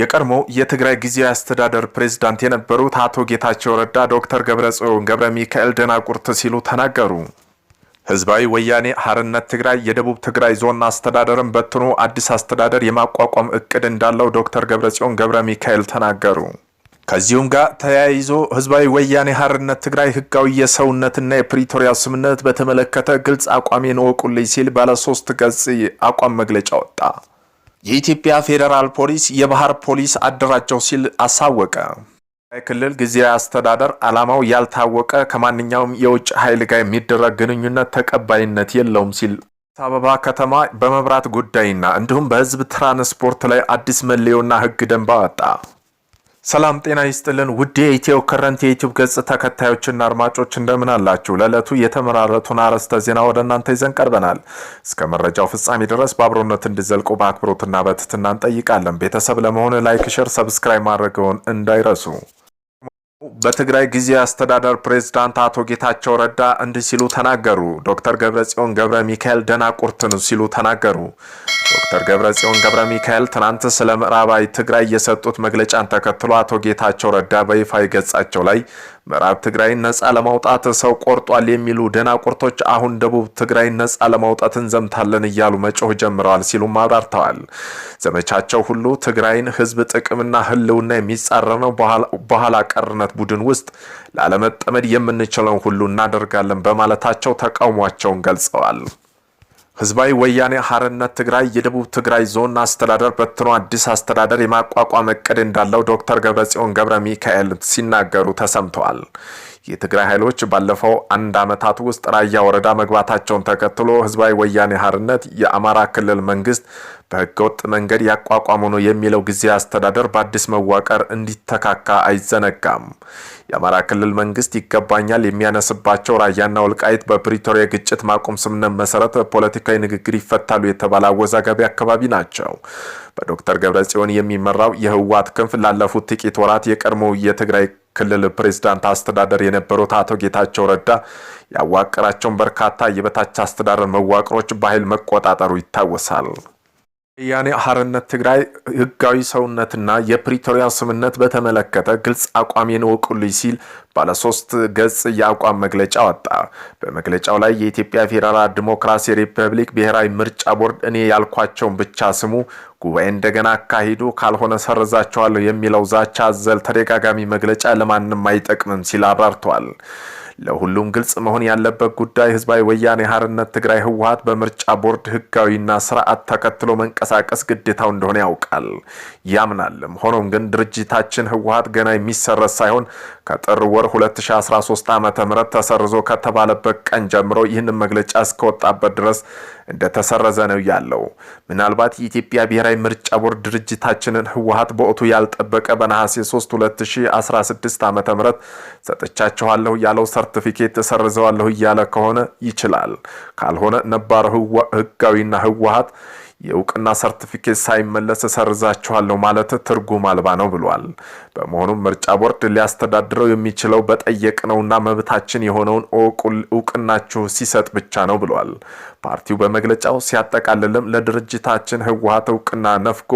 የቀድሞ የትግራይ ጊዜያዊ አስተዳደር ፕሬዝዳንት የነበሩት አቶ ጌታቸው ረዳ ዶክተር ገብረጽዮን ገብረ ሚካኤል ደናቁርት ሲሉ ተናገሩ። ህዝባዊ ወያኔ ሀርነት ትግራይ የደቡብ ትግራይ ዞን አስተዳደርን በትኖ አዲስ አስተዳደር የማቋቋም እቅድ እንዳለው ዶክተር ገብረጽዮን ገብረ ሚካኤል ተናገሩ። ከዚሁም ጋር ተያይዞ ህዝባዊ ወያኔ ሀርነት ትግራይ ህጋዊ የሰውነትና የፕሪቶሪያ ስምምነት በተመለከተ ግልጽ አቋሜን ወቁልኝ ሲል ባለሶስት ገጽ አቋም መግለጫ ወጣ። የኢትዮጵያ ፌዴራል ፖሊስ የባህር ፖሊስ አደራጀው ሲል አሳወቀ። ክልል ጊዜያዊ አስተዳደር ዓላማው ያልታወቀ ከማንኛውም የውጭ ኃይል ጋር የሚደረግ ግንኙነት ተቀባይነት የለውም ሲል አዲስ አበባ ከተማ በመብራት ጉዳይና እንዲሁም በህዝብ ትራንስፖርት ላይ አዲስ መለዮና ህግ ደንብ አወጣ። ሰላም ጤና ይስጥልን ውድ የኢትዮ ከረንት የዩቲዩብ ገጽ ተከታዮችና አድማጮች እንደምን አላችሁ? ለዕለቱ የተመራረቱን አርዕስተ ዜና ወደ እናንተ ይዘን ቀርበናል። እስከ መረጃው ፍጻሜ ድረስ በአብሮነት እንዲዘልቁ በአክብሮትና በትህትና እንጠይቃለን። ቤተሰብ ለመሆን ላይክ፣ ሸር፣ ሰብስክራይብ ማድረገውን እንዳይረሱ። በትግራይ ጊዜ አስተዳደር ፕሬዝዳንት አቶ ጌታቸው ረዳ እንዲህ ሲሉ ተናገሩ። ዶክተር ገብረጽዮን ገብረ ሚካኤል ደናቁርት ሲሉ ተናገሩ። ዶክተር ገብረጽዮን ገብረ ሚካኤል ትናንት ስለ ምዕራባዊ ትግራይ የሰጡት መግለጫን ተከትሎ አቶ ጌታቸው ረዳ በይፋ ገጻቸው ላይ ምዕራብ ትግራይን ነፃ ለማውጣት ሰው ቆርጧል የሚሉ ደናቁርቶች አሁን ደቡብ ትግራይን ነፃ ለማውጣት እንዘምታለን እያሉ መጮህ ጀምረዋል ሲሉም አብራርተዋል። ዘመቻቸው ሁሉ ትግራይን ህዝብ ጥቅምና ህልውና የሚጻረነው በኋላ ቀርነት ቡድን ውስጥ ላለመጠመድ የምንችለውን ሁሉ እናደርጋለን በማለታቸው ተቃውሟቸውን ገልጸዋል። ህዝባዊ ወያኔ ሀርነት ትግራይ የደቡብ ትግራይ ዞን አስተዳደር በትኖ አዲስ አስተዳደር የማቋቋም እቅድ እንዳለው ዶክተር ገብረጽዮን ገብረ ሚካኤል ሲናገሩ ተሰምተዋል። የትግራይ ኃይሎች ባለፈው አንድ ዓመታት ውስጥ ራያ ወረዳ መግባታቸውን ተከትሎ ህዝባዊ ወያኔ ሀርነት የአማራ ክልል መንግስት በህገወጥ መንገድ ያቋቋሙ ነው የሚለው ጊዜ አስተዳደር በአዲስ መዋቀር እንዲተካካ አይዘነጋም። የአማራ ክልል መንግስት ይገባኛል የሚያነስባቸው ራያና ወልቃይት በፕሪቶሪያ ግጭት ማቆም ስምምነት መሰረት ፖለቲካዊ ንግግር ይፈታሉ የተባለ አወዛጋቢ አካባቢ ናቸው። በዶክተር ገብረጽዮን የሚመራው የህወሓት ክንፍ ላለፉት ጥቂት ወራት የቀድሞ የትግራይ ክልል ፕሬዝዳንት አስተዳደር የነበሩት አቶ ጌታቸው ረዳ ያዋቀራቸውን በርካታ የበታች አስተዳደር መዋቅሮች በኃይል መቆጣጠሩ ይታወሳል። ወያኔ ሓርነት ትግራይ ህጋዊ ሰውነትና የፕሪቶሪያ ስምነት በተመለከተ ግልጽ አቋም የንወቁልኝ ሲል ባለሶስት ገጽ የአቋም መግለጫ ወጣ። በመግለጫው ላይ የኢትዮጵያ ፌዴራል ዲሞክራሲ ሪፐብሊክ ብሔራዊ ምርጫ ቦርድ እኔ ያልኳቸውን ብቻ ስሙ፣ ጉባኤ እንደገና አካሂዱ፣ ካልሆነ ሰርዛቸዋለሁ የሚለው ዛቻ አዘል ተደጋጋሚ መግለጫ ለማንም አይጠቅምም ሲል አብራርተዋል። ለሁሉም ግልጽ መሆን ያለበት ጉዳይ ህዝባዊ ወያኔ ሀርነት ትግራይ ህወሀት በምርጫ ቦርድ ህጋዊና ስርዓት ተከትሎ መንቀሳቀስ ግዴታው እንደሆነ ያውቃል ያምናልም። ሆኖም ግን ድርጅታችን ህወሀት ገና የሚሰረዝ ሳይሆን ከጥር ወር 2013 ዓ ም ተሰርዞ ከተባለበት ቀን ጀምሮ ይህንን መግለጫ እስከወጣበት ድረስ እንደተሰረዘ ነው ያለው። ምናልባት የኢትዮጵያ ብሔራዊ ምርጫ ቦርድ ድርጅታችንን ህወሀት በወቅቱ ያልጠበቀ በነሐሴ 3 2016 ዓ ም ሰጥቻችኋለሁ ያለው ሰር ሰርቲፊኬት ተሰርዘዋለሁ እያለ ከሆነ ይችላል። ካልሆነ ነባር ህጋዊና ህወሀት የእውቅና ሰርቲፊኬት ሳይመለስ እሰርዛችኋለሁ ማለት ትርጉም አልባ ነው ብሏል። በመሆኑም ምርጫ ቦርድ ሊያስተዳድረው የሚችለው በጠየቅነውና መብታችን የሆነውን እውቅናችሁ ሲሰጥ ብቻ ነው ብሏል። ፓርቲው በመግለጫው ሲያጠቃልልም ለድርጅታችን ህወሀት እውቅና ነፍጎ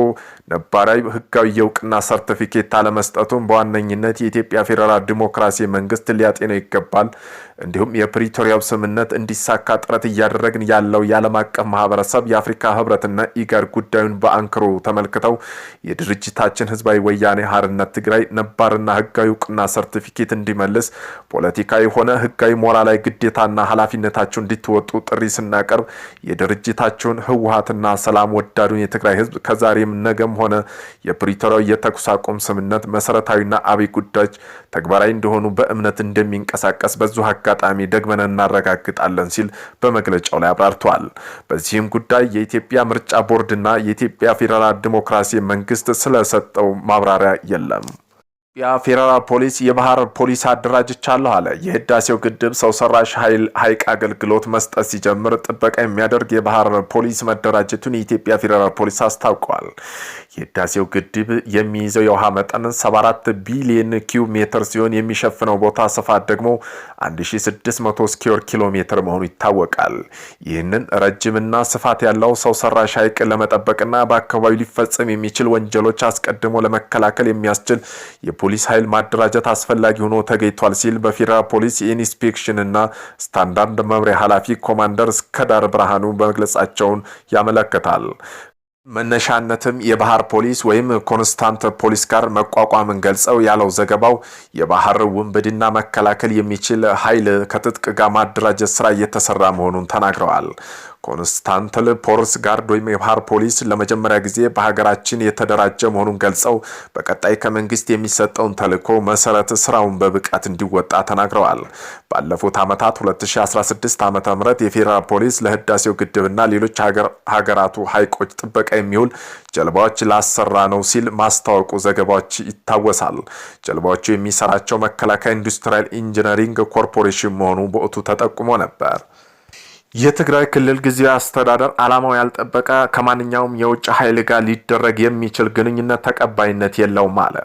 ነባራዊ ህጋዊ የእውቅና ሰርቲፊኬት አለመስጠቱን በዋነኝነት የኢትዮጵያ ፌዴራል ዲሞክራሲ መንግስት ሊያጤነው ይገባል። እንዲሁም የፕሪቶሪያው ስምምነት እንዲሳካ ጥረት እያደረግን ያለው የዓለም አቀፍ ማህበረሰብ የአፍሪካ ህብረት እና ኢጋድ ጉዳዩን በአንክሮ ተመልክተው የድርጅታችን ህዝባዊ ወያኔ ሀርነት ትግራይ ነባርና ህጋዊ እውቅና ሰርቲፊኬት እንዲመልስ ፖለቲካዊ ሆነ ህጋዊ ሞራላዊ ግዴታና ኃላፊነታቸውን እንዲትወጡ ጥሪ ስናቀርብ የድርጅታቸውን ህወሀትና ሰላም ወዳዱን የትግራይ ህዝብ ከዛሬም ነገም ሆነ የፕሪቶሪያው የተኩስ አቁም ስምነት መሰረታዊና አብይ ጉዳዮች ተግባራዊ እንደሆኑ በእምነት እንደሚንቀሳቀስ በዙ አጋጣሚ ደግመን እናረጋግጣለን ሲል በመግለጫው ላይ አብራርተዋል። በዚህም ጉዳይ የኢትዮጵያ ምርጫ ምርጫ ቦርድና የኢትዮጵያ ፌዴራል ዲሞክራሲ መንግስት ስለሰጠው ማብራሪያ የለም። የኢትዮጵያ ፌዴራል ፖሊስ የባህር ፖሊስ አደራጅቻለሁ አለ። የህዳሴው ግድብ ሰው ሰራሽ ሐይቅ አገልግሎት መስጠት ሲጀምር ጥበቃ የሚያደርግ የባህር ፖሊስ መደራጀቱን የኢትዮጵያ ፌዴራል ፖሊስ አስታውቋል። የህዳሴው ግድብ የሚይዘው የውሃ መጠን 74 ቢሊዮን ኪዩ ሜትር ሲሆን የሚሸፍነው ቦታ ስፋት ደግሞ 1600 ስኪዮር ኪሎ ሜትር መሆኑ ይታወቃል። ይህንን ረጅምና ስፋት ያለው ሰው ሰራሽ ሐይቅ ለመጠበቅና በአካባቢው ሊፈጸም የሚችል ወንጀሎች አስቀድሞ ለመከላከል የሚያስችል የፖሊስ ኃይል ማደራጀት አስፈላጊ ሆኖ ተገኝቷል ሲል በፌዴራል ፖሊስ እና ስታንዳርድ መምሪያ ኃላፊ ኮማንደር እስከዳር ብርሃኑ መግለጻቸውን ያመለክታል። መነሻነትም የባህር ፖሊስ ወይም ኮንስታንት ፖሊስ ጋር መቋቋምን ገልጸው ያለው ዘገባው የባህር ውንብድና መከላከል የሚችል ኃይል ከትጥቅ ጋር ማደራጀት ስራ እየተሰራ መሆኑን ተናግረዋል። ኮንስታንትል ፖርስ ጋርድ ወይም የባህር ፖሊስ ለመጀመሪያ ጊዜ በሀገራችን የተደራጀ መሆኑን ገልጸው በቀጣይ ከመንግስት የሚሰጠውን ተልዕኮ መሰረት ስራውን በብቃት እንዲወጣ ተናግረዋል። ባለፉት ዓመታት 2016 ዓ ም የፌዴራል ፖሊስ ለህዳሴው ግድብና ሌሎች ሀገራቱ ሀይቆች ጥበቃ የሚውል ጀልባዎች ላሰራ ነው ሲል ማስታወቁ ዘገባዎች ይታወሳል። ጀልባዎቹ የሚሰራቸው መከላከያ ኢንዱስትሪያል ኢንጂነሪንግ ኮርፖሬሽን መሆኑ በወቅቱ ተጠቁሞ ነበር። የትግራይ ክልል ጊዜያዊ አስተዳደር ዓላማው ያልጠበቀ ከማንኛውም የውጭ ኃይል ጋር ሊደረግ የሚችል ግንኙነት ተቀባይነት የለውም አለ።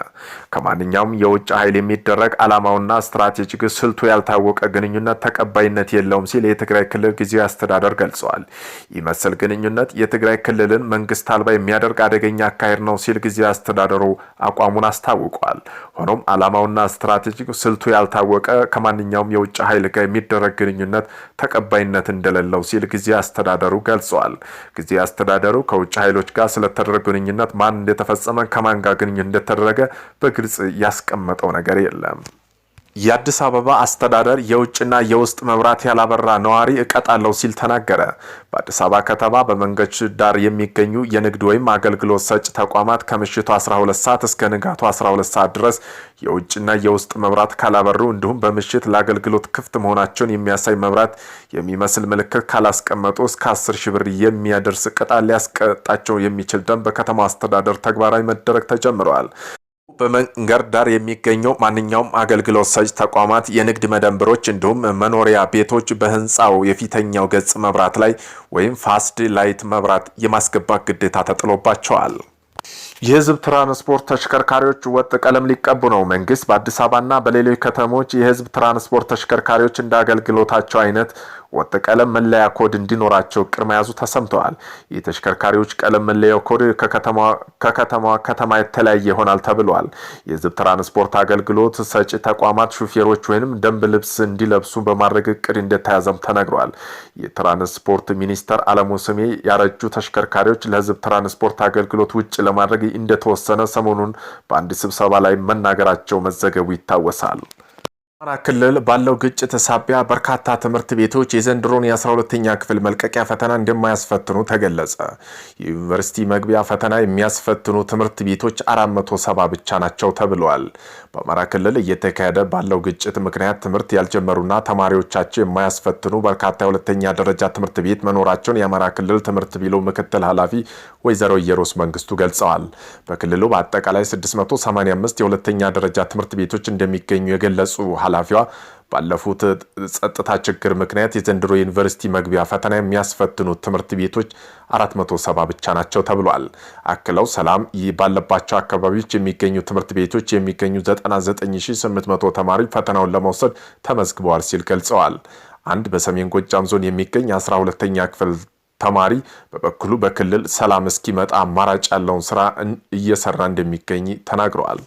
ከማንኛውም የውጭ ኃይል የሚደረግ ዓላማውና ስትራቴጂክ ስልቱ ያልታወቀ ግንኙነት ተቀባይነት የለውም ሲል የትግራይ ክልል ጊዜያዊ አስተዳደር ገልጸዋል። ይህ መሰል ግንኙነት የትግራይ ክልልን መንግስት አልባ የሚያደርግ አደገኛ አካሄድ ነው ሲል ጊዜያዊ አስተዳደሩ አቋሙን አስታውቋል። ሆኖም ዓላማውና ስትራቴጂክ ስልቱ ያልታወቀ ከማንኛውም የውጭ ኃይል ጋር የሚደረግ ግንኙነት ተቀባይነት እንደለ እያገለገለን ነው ሲል ጊዜ አስተዳደሩ ገልጸዋል። ጊዜ አስተዳደሩ ከውጭ ኃይሎች ጋር ስለተደረገ ግንኙነት ማን እንደተፈጸመ ከማን ጋር ግንኙነት እንደተደረገ በግልጽ ያስቀመጠው ነገር የለም። የአዲስ አበባ አስተዳደር የውጭና የውስጥ መብራት ያላበራ ነዋሪ እቀጣለሁ ሲል ተናገረ። በአዲስ አበባ ከተማ በመንገድ ዳር የሚገኙ የንግድ ወይም አገልግሎት ሰጭ ተቋማት ከምሽቱ 12 ሰዓት እስከ ንጋቱ 12 ሰዓት ድረስ የውጭና የውስጥ መብራት ካላበሩ እንዲሁም በምሽት ለአገልግሎት ክፍት መሆናቸውን የሚያሳይ መብራት የሚመስል ምልክት ካላስቀመጡ እስከ 10 ሺህ ብር የሚያደርስ ቅጣት ሊያስቀጣቸው የሚችል ደንብ በከተማው አስተዳደር ተግባራዊ መደረግ ተጀምረዋል። በመንገድ ዳር የሚገኙ ማንኛውም አገልግሎት ሰጭ ተቋማት፣ የንግድ መደብሮች እንዲሁም መኖሪያ ቤቶች በህንፃው የፊተኛው ገጽ መብራት ላይ ወይም ፋስድ ላይት መብራት የማስገባት ግዴታ ተጥሎባቸዋል። የህዝብ ትራንስፖርት ተሽከርካሪዎች ወጥ ቀለም ሊቀቡ ነው። መንግስት በአዲስ አበባና በሌሎች ከተሞች የህዝብ ትራንስፖርት ተሽከርካሪዎች እንደ አገልግሎታቸው አይነት ወጥ ቀለም መለያ ኮድ እንዲኖራቸው እቅድ መያዙ ተሰምተዋል። የተሽከርካሪዎች ቀለም መለያ ኮድ ከከተማ ከተማ የተለያየ ይሆናል ተብሏል። የህዝብ ትራንስፖርት አገልግሎት ሰጪ ተቋማት ሹፌሮች ወይም ደንብ ልብስ እንዲለብሱ በማድረግ እቅድ እንደተያዘም ተነግሯል። የትራንስፖርት ሚኒስተር አለሙ ስሜ ያረጁ ተሽከርካሪዎች ለህዝብ ትራንስፖርት አገልግሎት ውጭ ለማድረግ እንደተወሰነ ሰሞኑን በአንድ ስብሰባ ላይ መናገራቸው መዘገቡ ይታወሳል። አማራ ክልል ባለው ግጭት ሳቢያ በርካታ ትምህርት ቤቶች የዘንድሮን የ12ተኛ ክፍል መልቀቂያ ፈተና እንደማያስፈትኑ ተገለጸ። የዩኒቨርሲቲ መግቢያ ፈተና የሚያስፈትኑ ትምህርት ቤቶች 470 ብቻ ናቸው ተብሏል። በአማራ ክልል እየተካሄደ ባለው ግጭት ምክንያት ትምህርት ያልጀመሩና ተማሪዎቻቸው የማያስፈትኑ በርካታ የሁለተኛ ደረጃ ትምህርት ቤት መኖራቸውን የአማራ ክልል ትምህርት ቢሮ ምክትል ኃላፊ ወይዘሮ ኢየሩስ መንግስቱ ገልጸዋል። በክልሉ በአጠቃላይ 685 የሁለተኛ ደረጃ ትምህርት ቤቶች እንደሚገኙ የገለጹ ኃላፊዋ ባለፉት ጸጥታ ችግር ምክንያት የዘንድሮ ዩኒቨርሲቲ መግቢያ ፈተና የሚያስፈትኑ ትምህርት ቤቶች 470 ብቻ ናቸው ተብሏል። አክለው ሰላም ባለባቸው አካባቢዎች የሚገኙ ትምህርት ቤቶች የሚገኙ 99800 ተማሪ ፈተናውን ለመውሰድ ተመዝግበዋል ሲል ገልጸዋል። አንድ በሰሜን ጎጃም ዞን የሚገኝ 12ተኛ ክፍል ተማሪ በበኩሉ በክልል ሰላም እስኪመጣ አማራጭ ያለውን ስራ እየሰራ እንደሚገኝ ተናግረዋል።